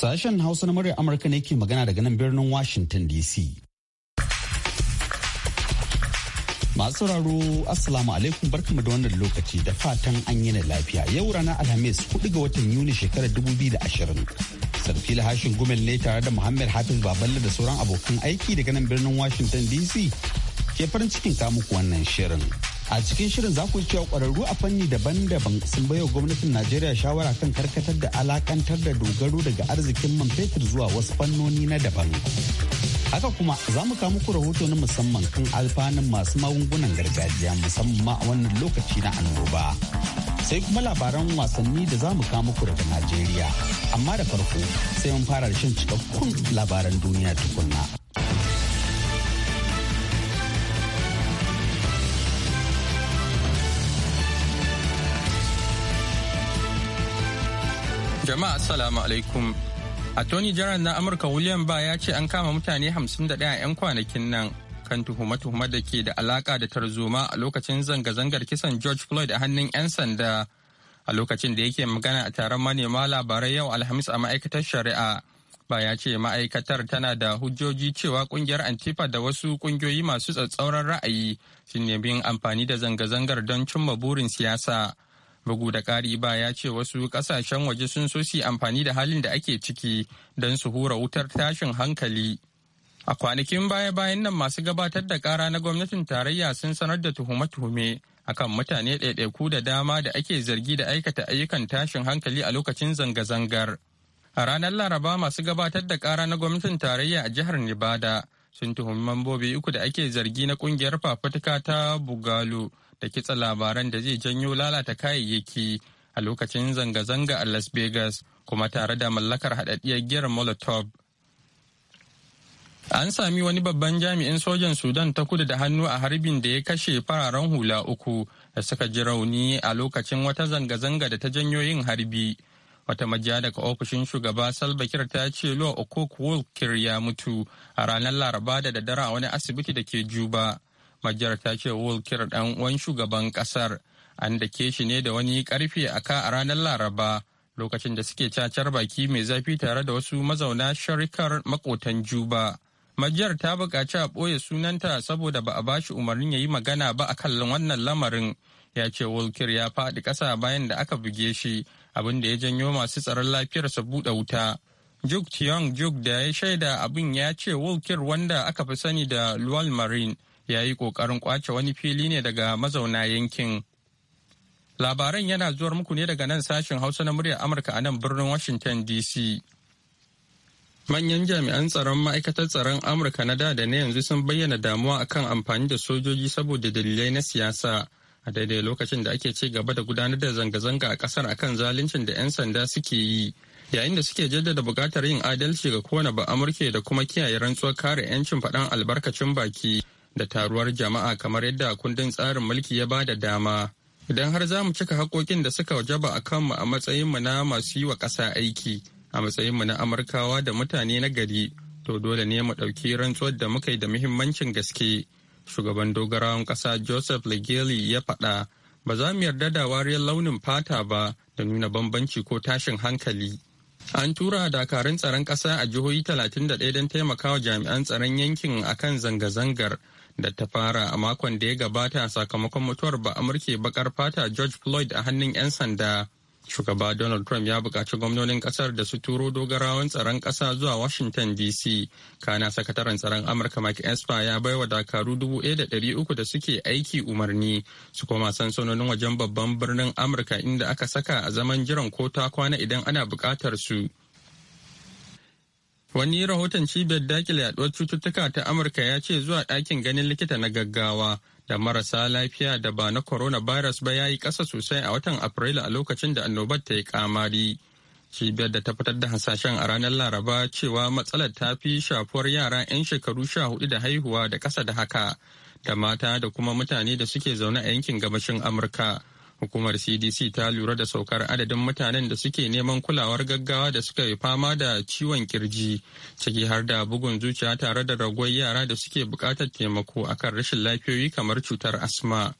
Sashen Hausa na murya Amurka ne ke magana daga nan birnin Washington DC. Masu sauraro Assalamu alaikum barkamu da wannan lokaci da fatan an yi na lafiya. Yau ranar Alhamis 4 ga watan Yuni shekarar 2020. Sarki Lahashin gumel ne tare da Muhammad Hafiz Baballe da sauran abokan aiki daga nan birnin Washington DC ke farin cikin kamuku wannan shirin. a cikin shirin za ku ji cewa kwararru a fanni daban-daban sun bayo gwamnatin najeriya shawara kan karkatar da alakantar da dogaro daga arzikin man fetur zuwa wasu fannoni na daban haka kuma za mu kawo muku rahoto na musamman kan alfanun masu magungunan gargajiya musamman a wannan lokaci na annoba sai kuma labaran wasanni da za mu kawo muku daga najeriya amma da farko sai mun fara shan cikakkun labaran duniya tukunna Jama'a Salamu alaikum. Attorney General na Amurka William Ba ya ce an kama mutane 51 'yan kwanakin nan kan tuhume-tuhume da ke da alaka da tarzoma a lokacin zanga-zangar kisan George Floyd a hannun 'yan sanda. A lokacin da yake magana a taron manema labarai yau Alhamis a ma'aikatar shari'a. Ba ya ce ma'aikatar tana da hujjoji cewa kungiyar Antifa da wasu kungiyoyi masu tsatsauran ra'ayi sun nemi amfani da zanga-zangar don cimma burin siyasa. bugu da ƙari ba ya ce wasu ƙasashen waje sun so su amfani da halin da ake ciki don su hura wutar tashin hankali a kwanakin baya-bayan nan masu gabatar da ƙara na gwamnatin tarayya sun sanar da tuhume-tuhume akan mutane ɗaiɗaiku da dama da ake zargi da aikata ayyukan tashin hankali a lokacin zanga-zangar a ranar laraba masu gabatar da ƙara na gwamnatin tarayya a jihar nevada sun tuhumi mambobi uku da ake zargi na ƙungiyar fafutuka ta bugalo da kitsa labaran da zai janyo lalata kayayyaki a lokacin zanga-zanga a las vegas kuma tare da mallakar haɗaɗɗiyar giyar molotov an sami wani babban jami'in sojan sudan ta kudu da hannu a harbin da ya kashe fararen hula uku da suka ji rauni a lokacin wata zanga-zanga da ta janyo yin harbi wata majiya daga ofishin shugaba salva kiir ta ce lo okok ya mutu a ranar laraba da daddare a wani asibiti da ke juba majiyar ta ce wulkir dan uwan shugaban kasar an da ke shi ne da wani karfe a ka a ranar Laraba lokacin da suke cacar baki mai zafi tare da wasu mazauna sharikar makotan Juba. Majiyar ta buƙaci a ɓoye sunanta saboda ba a ba shi umarnin ya yi magana ba a kallon wannan lamarin. ya ce wulkir ya faɗi ƙasa bayan da aka buge shi abin da ya janyo masu tsaron lafiyarsa buɗe wuta. Juk Tiong Juk da ya shaida abin ya ce wulkir wanda aka fi sani da luwal Marine ya yi ƙoƙarin ƙwace wani fili ne daga mazauna yankin. Labaran yana zuwar muku ne daga nan sashen Hausa na muryar Amurka a nan birnin Washington DC. Manyan jami'an tsaron ma'aikatar tsaron Amurka na da da na yanzu sun bayyana damuwa akan amfani da sojoji saboda dalilai na siyasa a daidai lokacin da ake ci gaba da gudanar da zanga-zanga a kasar akan zaluncin da 'yan sanda suke yi yayin da suke jaddada buƙatar yin adalci ga kowane ba Amurka da kuma kiyaye rantsuwar kare 'yancin faɗan albarkacin baki. da taruwar jama'a kamar yadda kundin tsarin mulki ya bada dama idan har za mu cika haƙoƙin da suka wajaba a kanmu a matsayinmu na masu yi wa ƙasa aiki a matsayinmu na amurkawa da mutane na gari to dole ne mu ɗauki rantsuwar da muka yi da muhimmancin gaske shugaban dogarawan ƙasa joseph legeli ya faɗa ba za mu yarda da wariyar launin fata ba da nuna bambanci ko tashin hankali an tura dakarun tsaron ƙasa a jihohi 31 don taimakawa jami'an tsaron yankin akan zanga-zangar da ta fara a makon da ya gabata sakamakon mutuwar ba amurke bakar fata george floyd a hannun 'yan sanda shugaba donald trump ya buƙaci gwamnonin ƙasar da su turo dogarawan tsaron ƙasa zuwa washington dc kana sakataren tsaron amurka mike espa ya bai wa dakaru uku da suke aiki umarni su koma sansanonin wajen babban birnin amurka inda aka saka a zaman jiran ko ta kwana idan ana buƙatar su Wani rahoton cibiyar dakile yaduwar cututtuka ta Amurka ya ce zuwa ɗakin ganin likita na gaggawa da marasa lafiya da ba na coronavirus ba ya yi ƙasa sosai a watan Afrilu a lokacin da annobar ta yi kamari. Cibiyar da ta fitar da hasashen a ranar Laraba cewa matsalar ta fi shafuwar yara 'yan shekaru sha hudu da haihuwa da ƙasa da haka da mata da kuma mutane da suke zaune a yankin gabashin Amurka Hukumar CDC ta lura da saukar adadin mutanen da suke neman kulawar gaggawa da suka yi fama da ciwon kirji, ciki har da bugun zuciya tare da ragowar yara da suke bukatar taimako akan rashin lafiyoyi kamar cutar asma.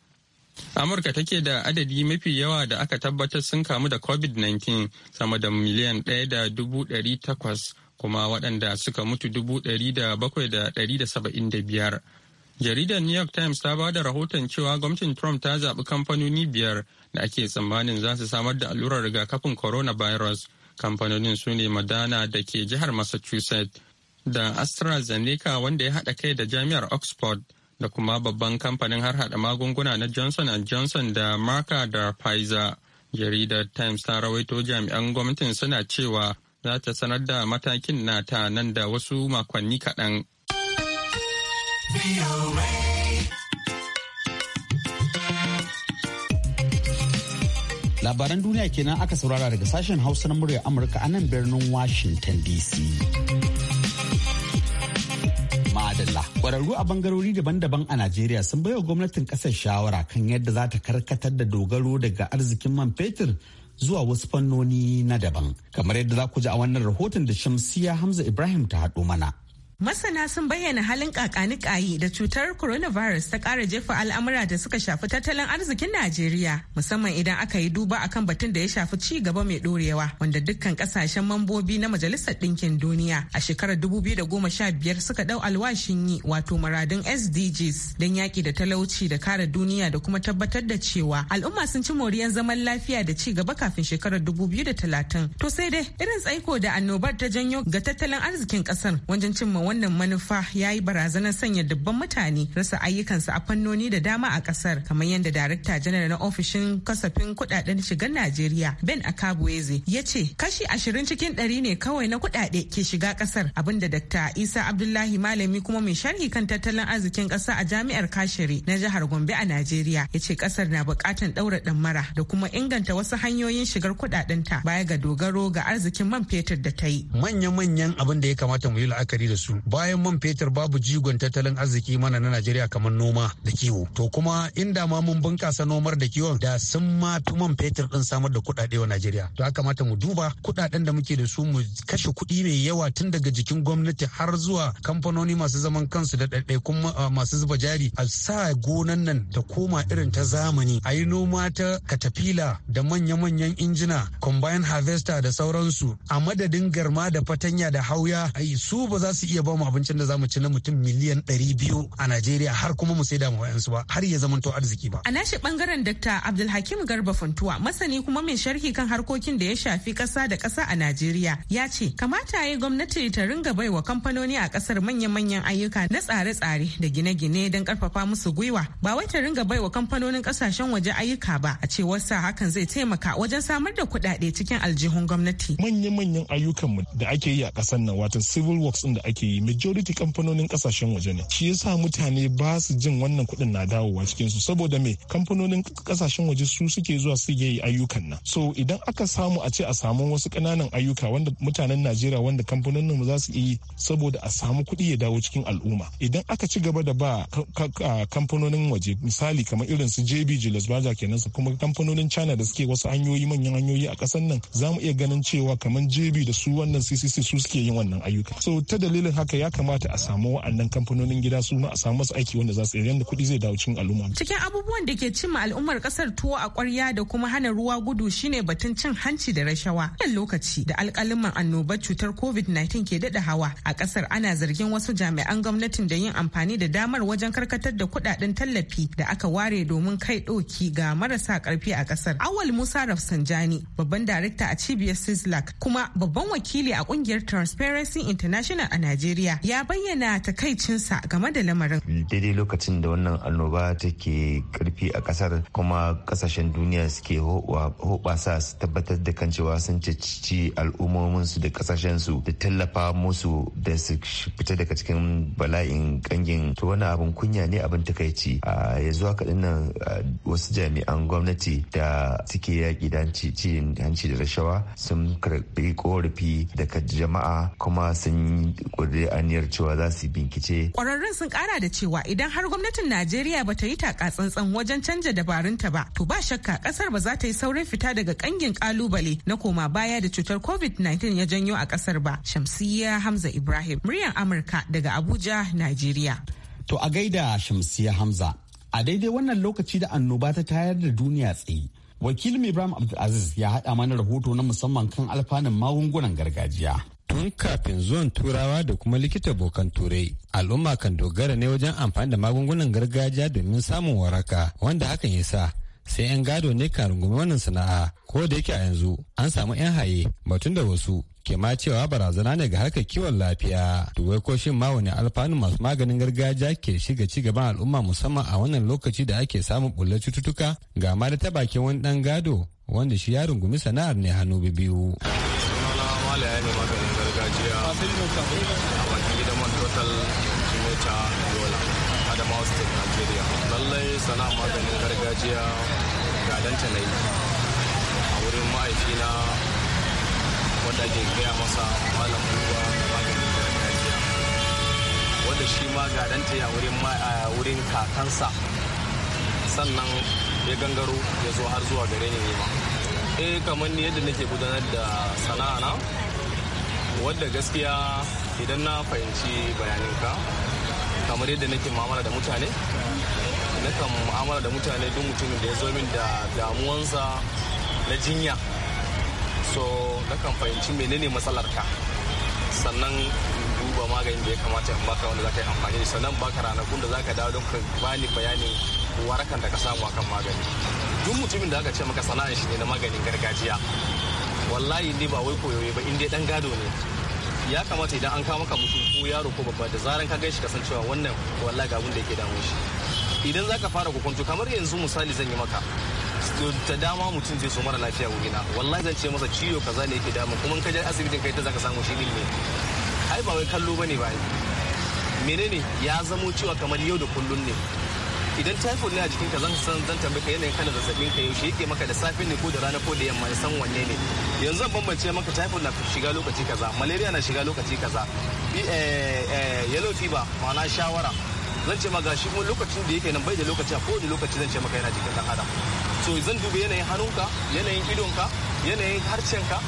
Amurka take da adadi mafi yawa da aka tabbatar sun kamu da COVID-19 sama da miliyan ɗaya da dubu takwas kuma waɗanda suka mutu dubu da ɗari da da biyar Jaridar New York Times ta ba da rahoton cewa gwamnatin Trump ta zaɓi kamfanoni biyar da ake tsammanin za su samar da allurar rigakafin coronavirus. Kamfanonin su ne Madana da ke jihar Massachusetts da AstraZeneca wanda ya haɗa kai da jami'ar Oxford da kuma babban kamfanin har haɗa magunguna na Johnson Johnson da Marka da Pfizer. Jaridar Times ta rawaito jami'an gwamnatin suna cewa za ta sanar da matakin nata nan da wasu makonni kaɗan. Labaran duniya kenan aka saurara daga sashen Hausa na murya Amurka a nan birnin Washington DC. Madalla, ƙwararru a bangarori daban-daban a Najeriya sun baiwa gwamnatin ƙasar shawara kan yadda za ta karkatar da dogaro daga arzikin man fetur zuwa wasu fannoni na daban. Kamar yadda za ku ji a wannan rahoton da Shamsiya Hamza Ibrahim ta haɗo mana. Masana sun bayyana halin kakanikayi da cutar coronavirus ta kara jefa al'amura da suka shafi tattalin arzikin Najeriya musamman idan aka yi duba akan batun da ya shafi ci gaba mai dorewa wanda dukkan kasashen mambobi na Majalisar Ɗinkin Duniya a shekarar 2015 suka dau alwashin yi wato muradun SDGs don yaki da talauci da kare duniya da kuma tabbatar da cewa al'umma sun ci moriyan zaman lafiya da ci gaba kafin shekarar 2030. To sai dai irin tsaiko da annobar ta janyo ga tattalin arzikin ƙasar wajen cimma wannan manufa ya yi barazanar sanya dubban mutane rasa ayyukansu a fannoni da dama a kasar kamar yadda darakta janar na ofishin kasafin kudaden shigar najeriya ben akabueze ya ce kashi ashirin cikin ɗari ne kawai na kudade ke shiga kasar abinda dakta isa abdullahi malami kuma mai sharhi kan tattalin arzikin kasa a jami'ar kashiri na jihar gombe a najeriya ya ce kasar na bukatan ɗaura ɗammara da kuma inganta wasu hanyoyin shigar ta baya ga dogaro ga arzikin man fetur da ta yi manya-manyan abin da ya kamata mu yi la'akari da su bayan man fetur babu jigon tattalin arziki mana na najeriya kamar noma da kiwo to kuma inda ma mun bunkasa nomar da kiwon da sun ma man fetur din samar da kuɗaɗe wa najeriya to ya kamata mu duba kuɗaɗen da muke da su mu kashe kuɗi mai yawa tun daga jikin gwamnati har zuwa kamfanoni masu zaman kansu da ɗaiɗaikun masu zuba jari a sa gonan nan ta koma irin ta zamani a yi noma ta katafila da manya-manyan injina combine harvester da sauransu a madadin garma da fatanya da hauya su ba za su iya ba mu abincin da zamu ci na mutum miliyan ɗari biyu a Najeriya har kuma mu saida mu wayansu ba har ya zamanto arziki ba. A nashi bangaren Dr. Abdulhakim Garba Funtuwa masani kuma mai sharhi kan harkokin da ya shafi ƙasa da ƙasa a Najeriya ya ce kamata ya yi gwamnati ta ringa baiwa kamfanoni a ƙasar manya-manyan ayyuka na tsare-tsare da gine-gine don karfafa musu gwiwa ba wai ta ringa baiwa kamfanonin ƙasashen waje ayyuka ba a ce wasa hakan zai taimaka wajen samar da kuɗaɗe cikin aljihun gwamnati. Manya-manyan ayyukanmu da ake yi a ƙasar nan watan civil works ɗin da ake yi yi majority kamfanonin kasashen waje ne shi yasa mutane ba su jin wannan kuɗin na dawowa cikin su saboda me kamfanonin kasashen waje su suke zuwa su yi ayyukan nan so idan aka samu a ce a samu wasu kananan ayyuka wanda mutanen Najeriya wanda kamfanonin mu za su yi saboda a samu kuɗi ya dawo cikin al'umma idan aka ci gaba da ba kamfanonin waje misali kamar irin su JB Jules Baja kenan su kuma kamfanonin China da suke wasu hanyoyi manyan hanyoyi a kasan nan za mu iya ganin cewa kamar JB da su wannan CCC su suke yin wannan ayyuka so ta dalilin haka ya kamata a samu wa'annan kamfanonin gida su a samu masu aiki wanda za su yi kuɗi zai dawo cikin al'umma. Cikin abubuwan da ke cimma al'ummar ƙasar tuwo a kwarya da kuma hana ruwa gudu shine batun cin hanci da rashawa. Yan lokaci da alƙaliman annobar cutar COVID-19 ke daɗa hawa a ƙasar ana zargin wasu jami'an gwamnatin da yin amfani da damar wajen karkatar da kuɗaɗen tallafi da aka ware domin kai ɗoki ga marasa ƙarfi a ƙasar. Awal Musa Rafsanjani babban darekta a cibiyar Sislak kuma babban wakili a ƙungiyar Transparency International a Najeriya. Najeriya ya bayyana takaicinsa game da lamarin. Daidai lokacin da wannan annoba take karfi a kasar kuma kasashen duniya suke hoɓasa su tabbatar da kan cewa sun cici al'ummominsu da kasashensu da tallafa musu da su fita daga cikin bala'in kangin to wani abin kunya ne abin takaici a yanzu haka dinnan wasu jami'an gwamnati da suke yaƙi da hanci da rashawa sun karɓi korafi daga jama'a kuma sun yi kuduri aniyar cewa za su binkice. Kwararrun sun kara da cewa idan har gwamnatin Najeriya ba ta yi taka tsantsan wajen canja dabarunta ba, to ba shakka kasar ba za ta yi saurin fita daga kangin kalubale na koma baya da cutar COVID-19 ya janyo a kasar ba. Shamsiyya Hamza Ibrahim, muryar Amurka daga Abuja, Najeriya. To a gaida Shamsiyya Hamza, a daidai wannan lokaci da annoba ta tayar da duniya tsaye. wakilin ibrahim abdulaziz ya haɗa mana rahoto na musamman kan alfanun magungunan gargajiya tun kafin zuwan turawa da kuma likita bokan turai al'umma kan dogara ne wajen amfani da magungunan gargajiya domin samun waraka wanda hakan ya sa sai 'yan gado ne kan rungumi wannan sana'a ko da yake a yanzu an samu 'yan haye batun da wasu ke ma cewa barazana ne ga harkar kiwon lafiya duwai ko shin ma wani alfanu masu maganin gargajiya ke shiga ci gaban al'umma musamman a wannan lokaci da ake samun bulle cututtuka ga ma da ta bakin wani dan gado wanda shi ya rungumi sana'ar ne hannu biyu. Sunana a bakin gidan man total jimeta yola adamawa state nigeria lallai sana maganin gargajiya gadanta na yi a wurin ma'aikina wanda ke gaya masa malam ruwa maganin gargajiya wanda shi ma gadanta ya wurin kakansa sannan ya gangaro ya zo har zuwa gare ni ma. eh kamar ni yadda nake gudanar da sana'a na Wanda gaskiya idan na fahimci bayaninka kamar yadda nake mu'amala da mutane na kan mu'amala da mutane duk mutumin da ya zo min da damuwansa na jinya so na kan fahimci menene matsalar ka sannan duba maganin da ya kamata in baka wanda zaka yi amfani da sannan baka ranakun da zaka dawo don ka bani bayani warakan da ka samu akan magani duk mutumin da aka ce maka sana'ar shi ne na maganin gargajiya wallahi ne ba wai koyoyi ba in dan gado ne ya kamata idan an kawo maka mutum ko yaro ko babba da zaran ka gaishe kasan cewa wannan wallahi ga abin da yake damun shi idan zaka fara hukunto kamar yanzu misali zan yi maka ta dama mutum zai so mara lafiya wurina wallahi zan ce masa ciwo kaza ne yake damun kuma in ka je asibitin kai ta zaka samu shi ne ai ba wai kallo bane ba menene ya zamo cewa kamar yau da kullun ne idan typhoid ne a jikinka zan san zan tambaye ka yanayin kana zazzabin ka yaushe yake maka da safe ne ko da rana ko da yamma ya san wanne ne yanzu zan bambance maka typhoid na shiga lokaci kaza malaria na shiga lokaci kaza eh, eh, yellow fever ma'ana shawara zan ce maka shi kuma lokacin da yake nan bai da lokaci a kowane lokaci zan ce maka yana jikin dan adam so zan duba yanayin hannunka yanayin idonka yanayin harshenka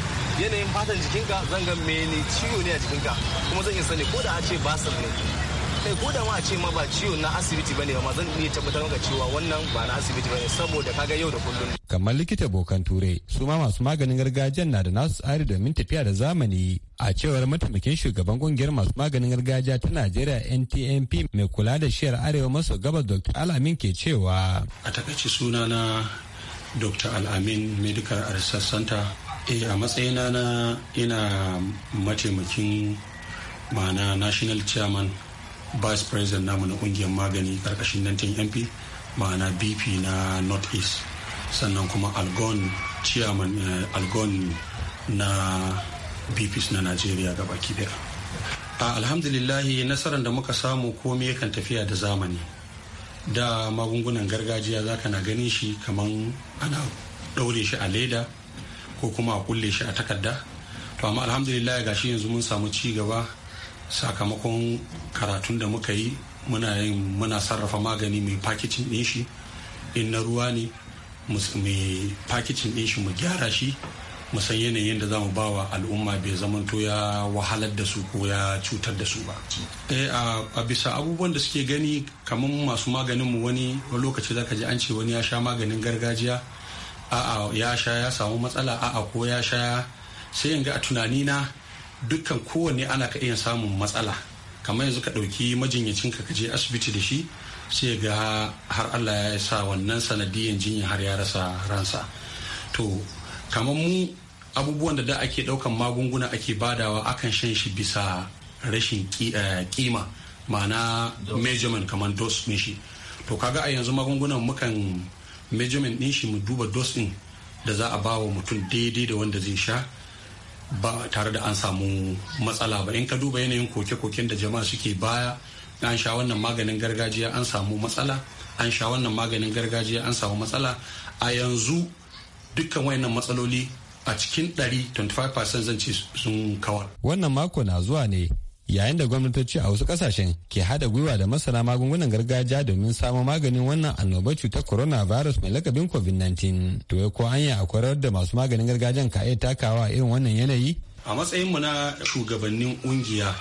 yanayin fatan jikinka zan ga mene ciwo ne a jikinka kuma zan iya sani ko da a ce basir ne kai ko da ma ce ma ba ciwo na asibiti bane ma zan iya tabbatar maka cewa wannan ba na asibiti bane saboda kaga yau da kullum kamar likita bokan turai su ma masu maganin gargajiya na da nasu tsari domin tafiya da zamani a cewar mataimakin shugaban kungiyar masu maganin gargajiya ta najeriya ntmp mai kula da shiyar arewa maso gabas dr alamin ke cewa a takaice suna na dr alamin medical research center e a matsayina na ina mataimakin ma'ana national chairman vice president namu na kungiyar magani karkashin 19 mp ma'ana bp na north east sannan kuma algon chairman eh, algon na bps na najeriya gabaki daya a alhamdulillahi nasarar da muka samu komai yakan tafiya da zamani da magungunan gargajiya zaka na ganin shi kamar ana ɗaure shi a leda ko kuma a kulle shi a takarda to amma alhamdulillah ga shi yanzu mun samu ci gaba sakamakon karatun da muka yi muna yin muna sarrafa magani mai pakicin din shi in na ruwa ne mai pakicin din shi mu gyara shi mu san yanayin da za mu ba wa al'umma bai zamanto ya wahalar da su ko ya cutar da su ba eh, a bisa abubuwan da suke gani kamar masu maganin mu wani lokaci zaka ji an ce wani ya sha maganin gargajiya a'a ya sha ya samu matsala a'a ko ya sha sai in ga a tunanina dukkan kowanne ana ka iya samun matsala kamar yanzu ka ɗauki majinyacin ka je asibiti da shi sai ga har allah ya sa wannan sanadiyan jinya har ya rasa ransa to kamar mu abubuwan da da ake ɗaukan magunguna ake badawa akan shan shi bisa rashin eh, kima ma'ana measurement kamar dose ne shi to kaga a yanzu magungunan mukan measurement ɗin shi mu duba dose ɗin da za a ba wa mutum daidai da wanda zai sha ba tare da an samu matsala ba in ka duba yanayin koke-koken da jama'a suke baya an sha wannan maganin gargajiya an samu matsala an sha wannan maganin gargajiya an samu matsala a yanzu dukkan wayannan matsaloli a cikin 100 25% zan ce sun kawar wannan mako na zuwa ne yayin da gwamnatoci a wasu kasashen ke hada gwiwa da masana magungunan gargajiya domin samo maganin wannan annobar cutar coronavirus mai lakabin covid-19 to ya ko anya a kwarar da masu maganin gargajiyan ka iya takawa irin wannan yanayi a matsayinmu na shugabannin kungiya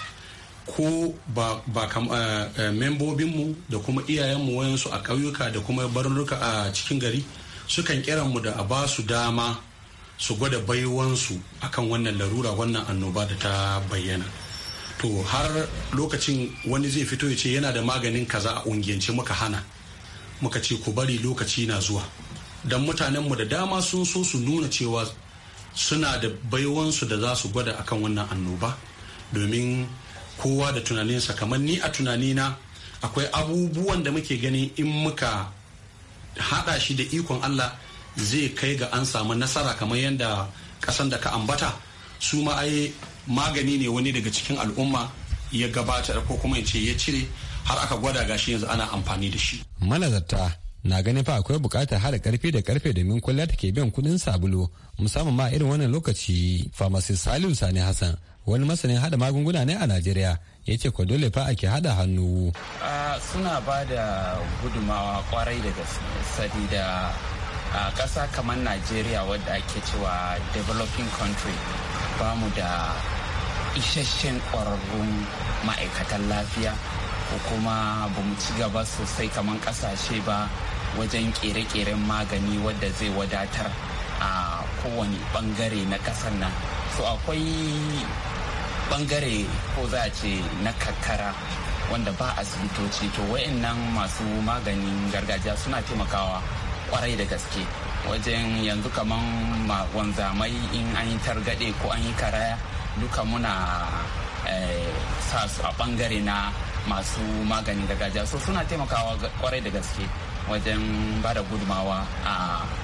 ko ba, ba kam, uh, eh, uh, eh, membobinmu da kuma iyayenmu wayansu a ƙauyuka da kuma barnuka a cikin gari sukan mu da a ba su dama su gwada baiwansu akan wannan larura wannan annoba da ta bayyana to har lokacin wani zai fito ya ce yana da maganin kaza a ungiyance muka hana muka ce ku bari lokaci na zuwa don mutanenmu da dama sun so su nuna cewa suna da baiwansu da za su gwada akan wannan annoba domin kowa da tunaninsa kamar ni a tunanina akwai abubuwan da muke gani in muka hada shi da ikon allah zai kai ga an samu nasara kamar yadda kasan da ka ambata su ma magani ne wani daga cikin al'umma ya gabatar ko kuma ya ce ya cire har aka gwada gashi yanzu ana amfani da shi. Manazarta na ganin fa akwai bukatar hada karfe da karfe domin kwalliya take biyan kudin sabulu musamman ma irin wannan lokaci pharmacist Salim Sani Hassan wani masanin hada magunguna ne a Najeriya ya ce ko dole fa ake hada hannu. suna ba da gudumawa kwarai daga gaske da kasa kamar Najeriya wadda ake cewa developing country ba mu da isasshen ƙwararrun ma'aikatan lafiya ko kuma ba mu ci gaba sosai kamar ƙasashe ba wajen ƙere-ƙeren magani wadda zai wadatar a kowane ɓangare na ƙasar nan so akwai ɓangare ko za a ce na kakara wanda ba asibitoci to wayannan masu maganin gargajiya suna taimakawa kwarai da gaske wajen yanzu kaman wanzamai in an yi targaɗe ko an yi karaya duka muna eh, sa su a ɓangare na masu magani da gajiya so suna taimakawa kwarai da gaske wajen ba da gudumawa a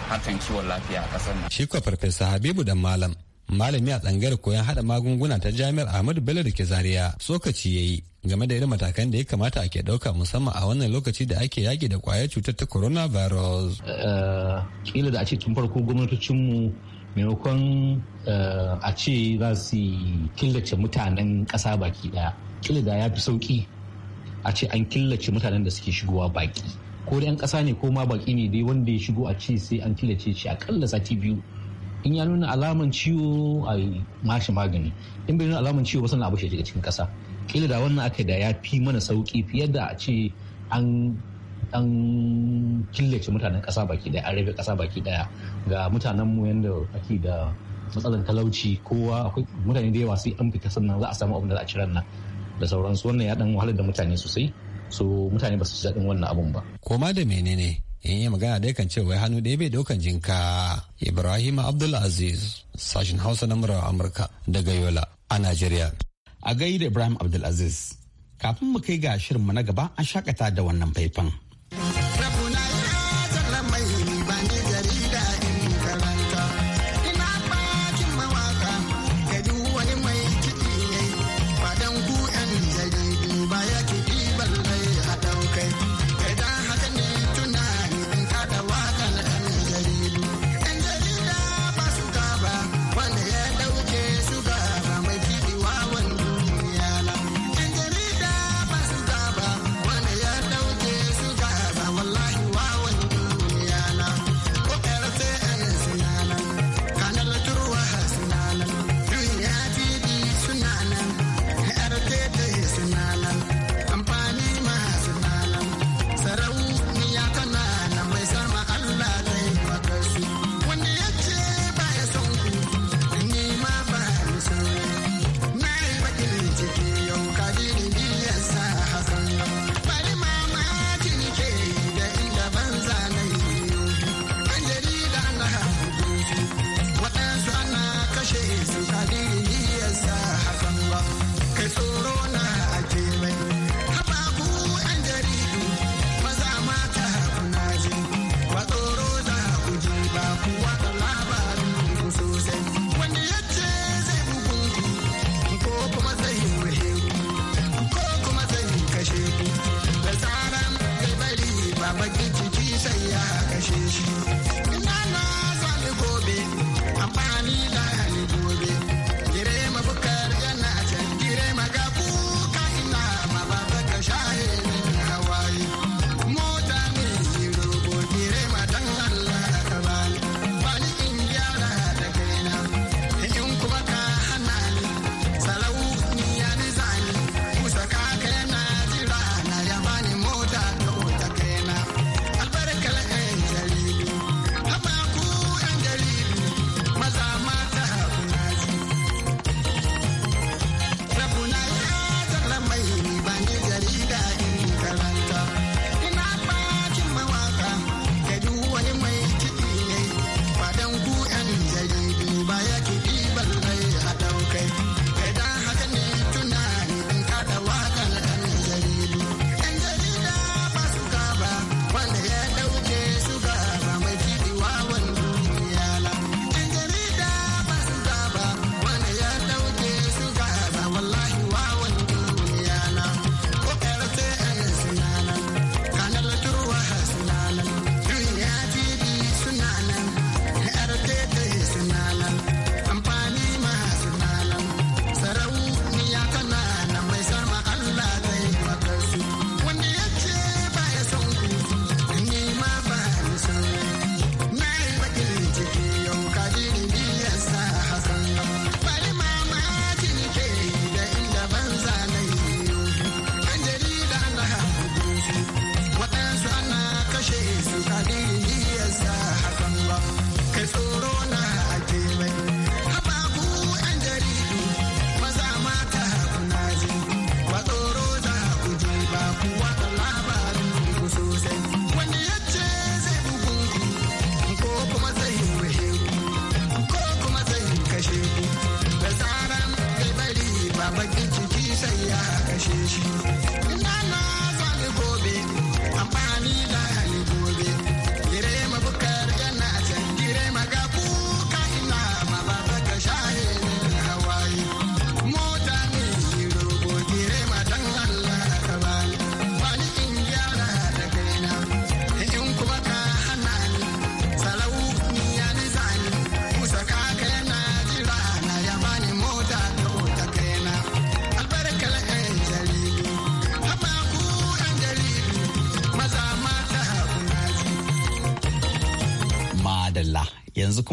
harkan kiwon lafiya a kasar nan. farfesa Habibu dan Malam malami a tsangar koyon hada magunguna ta jami'ar ahmadu bello da ke zaria tsokaci ya yi game da irin matakan da ya kamata ake ɗauka musamman a wannan lokaci da ake yaƙi da kwayar cutar ta coronavirus. Eh, kila da a ce tun farko gwamnatocinmu maimakon eh, a ce za su killace mutanen ƙasa baki ɗaya. Kila da ya fi sauƙi a ce an killace mutanen da suke shigowa baki. Ko da 'yan ƙasa ne ko ma baki ne dai wanda ya shigo a ce sai an killace shi aƙalla sati biyu in ya nuna alaman ciwo a mashi magani in bai nuna alaman ciwo ba sannan abu shi daga cikin kasa kila da wannan aka da ya fi mana sauki fiye da a ce an an killace mutanen kasa baki daya an rabe kasa baki daya ga mutanen mu yanda ake da matsalar talauci kowa akwai mutane da yawa sai an fita sannan za a samu abin da za a ci nan da sauransu wannan ya dan wahalar da mutane sosai so mutane ba su ji wannan abun ba. koma da menene in yi magana da kan ce wai hannu ɗaya bai ɗaukan jinka ibrahim abdulaziz sashen hausa na murar amurka daga yola a najeriya. a gaida Ibrahim Abdulaziz. Kafin mu kai ga shirinmu na gaba an shakata da wannan faifan.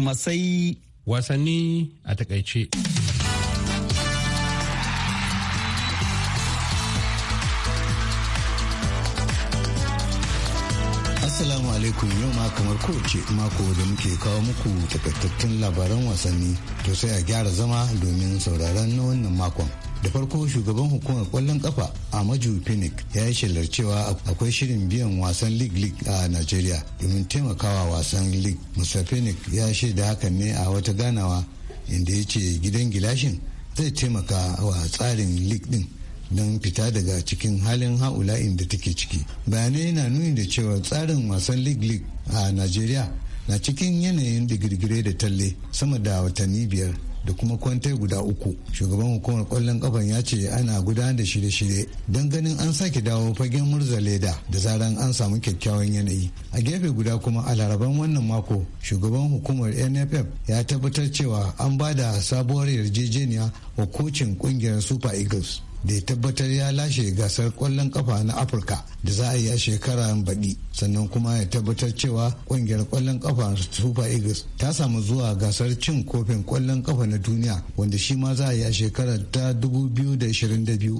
kuma sai wasanni a takaice. Assalamu alaikum yau ma kamar kowace mako da muke kawo muku takaitattun labaran wasanni to sai a gyara zama domin sauraron na wannan makon. da farko shugaban hukumar kwallon kafa amaju phoenix ya yi shelar cewa akwai shirin biyan wasan league league a nigeria domin taimakawa wasan league musa phoenix ya shaida hakan ne a wata ganawa inda ya ce gidan gilashin zai taimaka wa tsarin league din don fita daga cikin halin ha'ula inda take ciki bayanai na nuni da cewa tsarin wasan league league a nigeria na cikin yanayin digirgire da talle sama da watanni biyar da kuma kwantai guda uku shugaban hukumar kwallon kafan ya ce ana gudanar da shirye-shirye don ganin an sake dawo fagen murza leda da zaran an samu kyakkyawan yanayi a gefe guda kuma a laraban wannan mako shugaban hukumar nff ya tabbatar cewa an ba da sabuwar yarjejeniya wa kocin kungiyar super eagles da ya tabbatar ya lashe gasar kwallon kafa na afirka da za a yi a shekarar baɗi sannan kuma ya tabbatar cewa ƙungiyar kwallon kafa super eagles ta samu zuwa gasar cin kofin kwallon kafa na duniya wanda shi ma za a yi a shekarar ta biyu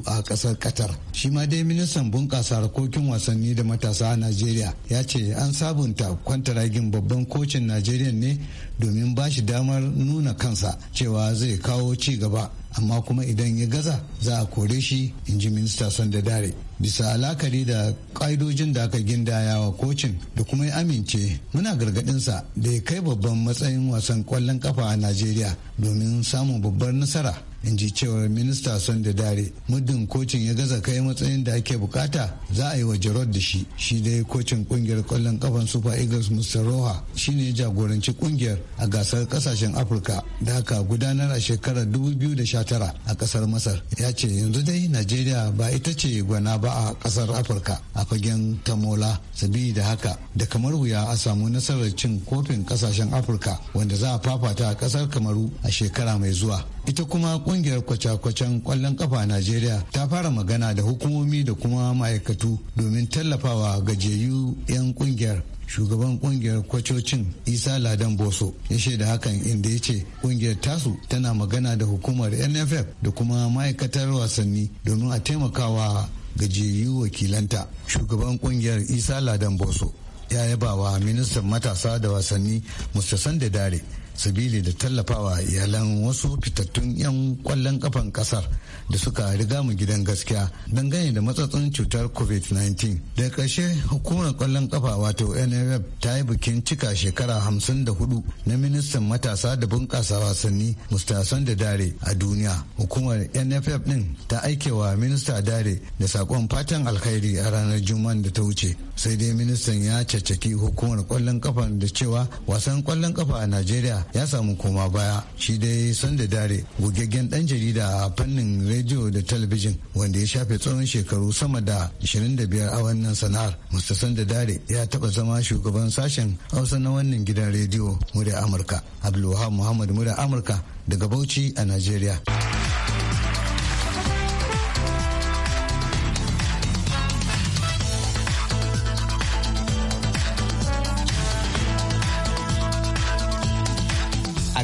a ƙasar qatar shi ma dai ministan bunƙasa harkokin wasanni da matasa a najeriya ya ce an sabunta kwantaragin babban kocin najeriya ne domin ba shi damar nuna kansa cewa zai kawo ci gaba amma kuma idan ya gaza za a kore shi in ji minista son da dare bisa alakari da ƙa'idojin da aka gindaya wa kocin da kuma ya amince muna gargaɗinsa da ya kai babban matsayin wasan kwallon kafa a najeriya domin samun babbar nasara in ji cewar minista son da dare muddin kocin ya gaza kai matsayin da ake bukata za a yi wa jarod da shi shi dai kocin kungiyar kwallon kafan super eagles mr roha shine jagoranci kungiyar a gasar kasashen afirka da aka gudanar a shekarar da sha tara a kasar masar ya ce yanzu dai najeriya ba ita ce gwana ba ba a kasar afirka a fagen tamola sabida haka da kamar wuya a samu nasarar cin kofin kasashen afirka wanda za a fafata a kasar kamaru a shekara mai zuwa ita kuma kungiyar kwace-kwacen kwallon kafa najeriya ta fara magana da hukumomi da kuma ma'aikatu domin tallafawa gajeyu 'yan kungiyar shugaban kungiyar kwacocin isa ladan boso ya shaida hakan inda ya ce kungiyar tasu tana magana da hukumar nff da kuma ma'aikatar wasanni domin a taimakawa gajiyu wakilanta shugaban kungiyar isa ladan boso ya yaba wa ministan matasa da wasanni mr sanda dare sabili da tallafawa iyalan wasu fitattun 'yan kwallon kafan kasar da suka riga mu gidan gaskiya dangane da matsatsin cutar covid-19 daga ƙarshe hukumar kwallon kafa wato nff ta yi bikin cika shekara hamsin da hudu na ministan matasa da bunƙasa wasanni mustasan da dare a duniya hukumar nff din ta aikewa minista dare da sakon fatan alkhairi a ranar juma'an da ta wuce sai dai ministan ya caccaki hukumar kwallon kafa da cewa wasan kwallon ƙafa a najeriya ya samu koma baya shi dai sanda dare gogaggen dan jarida a fannin rediyo da talabijin wanda ya shafe tsawon shekaru sama da 25 a wannan sana'ar mr sanda dare ya taba zama shugaban sashen hausa na wannan gidan rediyo murya amurka abdulwahab muhammad murya amurka daga bauchi a nigeria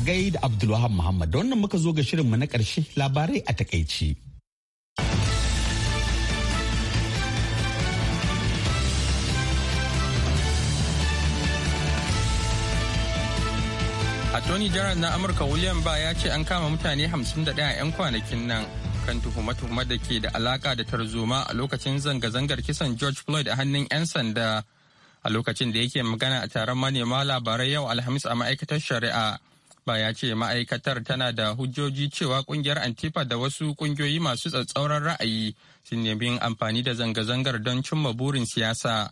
gai da Abdulwahab Muhammad da wannan muka zo ga mu na ƙarshe labarai a takaici. Attorney General na Amurka William Ba ya ce an kama mutane 51 'yan kwanakin nan kan tuhume-tuhume da ke da alaka da tarzoma a lokacin zanga-zangar kisan George Floyd a hannun 'yan sanda a lokacin da yake magana a taron manema labarai yau Alhamis a ma'aikatar shari'a. Ba ya ce ma'aikatar tana da hujjoji cewa kungiyar Antifa da wasu kungiyoyi masu tsatsauran ra'ayi sun nemi amfani da zanga-zangar don cimma burin siyasa.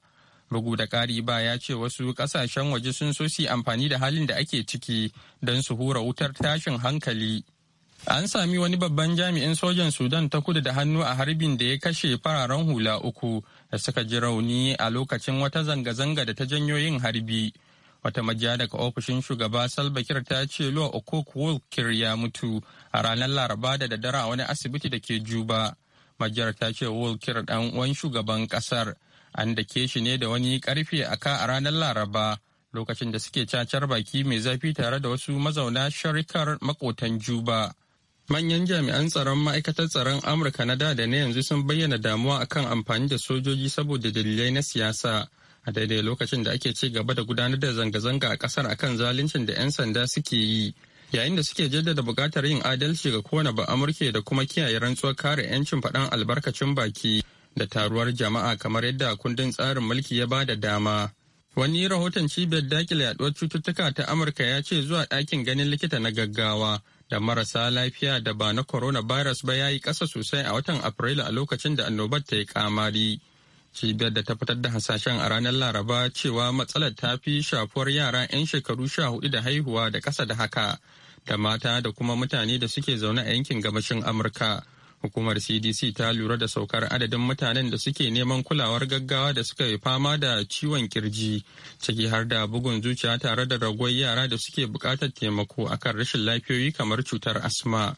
Bugu da ƙari ba ya ce wasu ƙasashen waje sun so su amfani da halin da ake ciki don su hura wutar tashin hankali. An sami wani babban jami'in sojan Sudan ta kudu da hannu a harbin da ya kashe fararen hula uku da suka ji rauni a lokacin wata zanga-zanga da ta janyo yin harbi. Wata majiya daga ofishin shugaba salbakir ta ce Luwa okok wolkir ya mutu a ranar Laraba da daddare a wani asibiti da ke Juba. Majiyar ta ce Wolkir ɗan uwan shugaban kasar an da ke shi ne da wani karfe a ka a ranar Laraba lokacin da suke cacar baki mai zafi tare da wasu mazauna sharikar makotan Juba. Manyan jami'an tsaron ma'aikatar tsaron Amurka na da da na yanzu sun bayyana damuwa akan amfani da sojoji saboda dalilai na siyasa a daidai lokacin da ake ci gaba da gudanar da zanga-zanga a kasar akan zaluncin da 'yan sanda suke yi yayin da suke jaddada buƙatar yin adalci ga kowane ba amurke da kuma kiyaye rantsuwar kare 'yancin faɗan albarkacin baki da taruwar jama'a kamar yadda kundin tsarin mulki ya ba da dama wani rahoton cibiyar dakile yaduwar cututtuka ta amurka ya ce zuwa ɗakin ganin likita na gaggawa da marasa lafiya da ba na coronavirus ba ya yi ƙasa sosai a watan afrilu a lokacin da annobar ta yi kamari cibiyar da ta fitar da hasashen a ranar laraba cewa matsalar ta fi shafuwar yara 'yan shekaru sha hudu da haihuwa da ƙasa da haka da mata da kuma mutane da suke zaune a yankin gabashin amurka hukumar cdc ta lura da saukar adadin mutanen da suke neman kulawar gaggawa da suka yi fama da ciwon kirji ciki har da bugun zuciya tare da ragowar yara da suke bukatar taimako akan rashin lafiyoyi kamar cutar asma.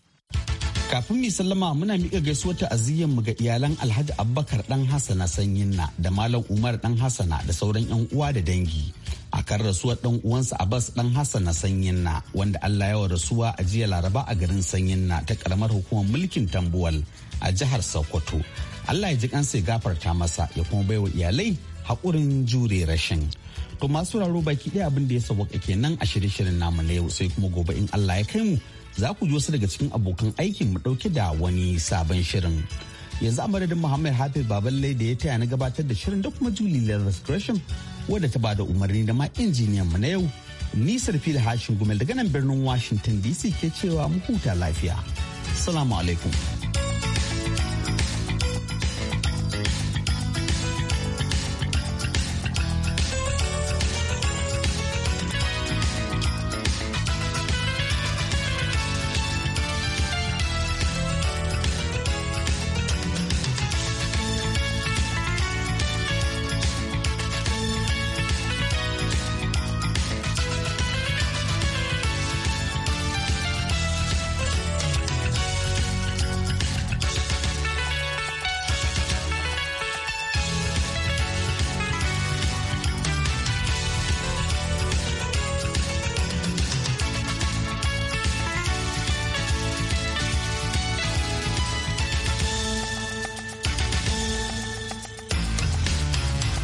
Kafin mu sallama muna miƙa gaisuwar ta'aziyyar mu ga iyalan Alhaji Abubakar dan Hassana Sanyinna da Malam Umar dan Hassana da sauran 'yan uwa da dangi. A kan rasuwar dan uwansa Abbas dan Hassana Sanyinna wanda Allah ya rasuwa a jiya Laraba a garin Sanyinna ta karamar hukumar mulkin Tambuwal a jihar Sokoto. Allah ya ji kansa ya gafarta masa ya kuma baiwa iyalai haƙurin jure rashin. To masu raro baki ɗaya abin da ya sauka kenan a shirye-shiryen namu na yau sai kuma gobe in Allah ya kai mu za ku ji wasu daga cikin abokan aikin mu ɗauke da wani sabon shirin. Yanzu amaradin muhammed Muhammad Hafiz Baballe da ya taya na gabatar da shirin da kuma Julie Lewis Gresham wadda ta bada umarni da ma injiniyan mu na yau. Nisar fil hashin gumel daga nan birnin Washington DC ke cewa mu huta lafiya. Salamu alaikum.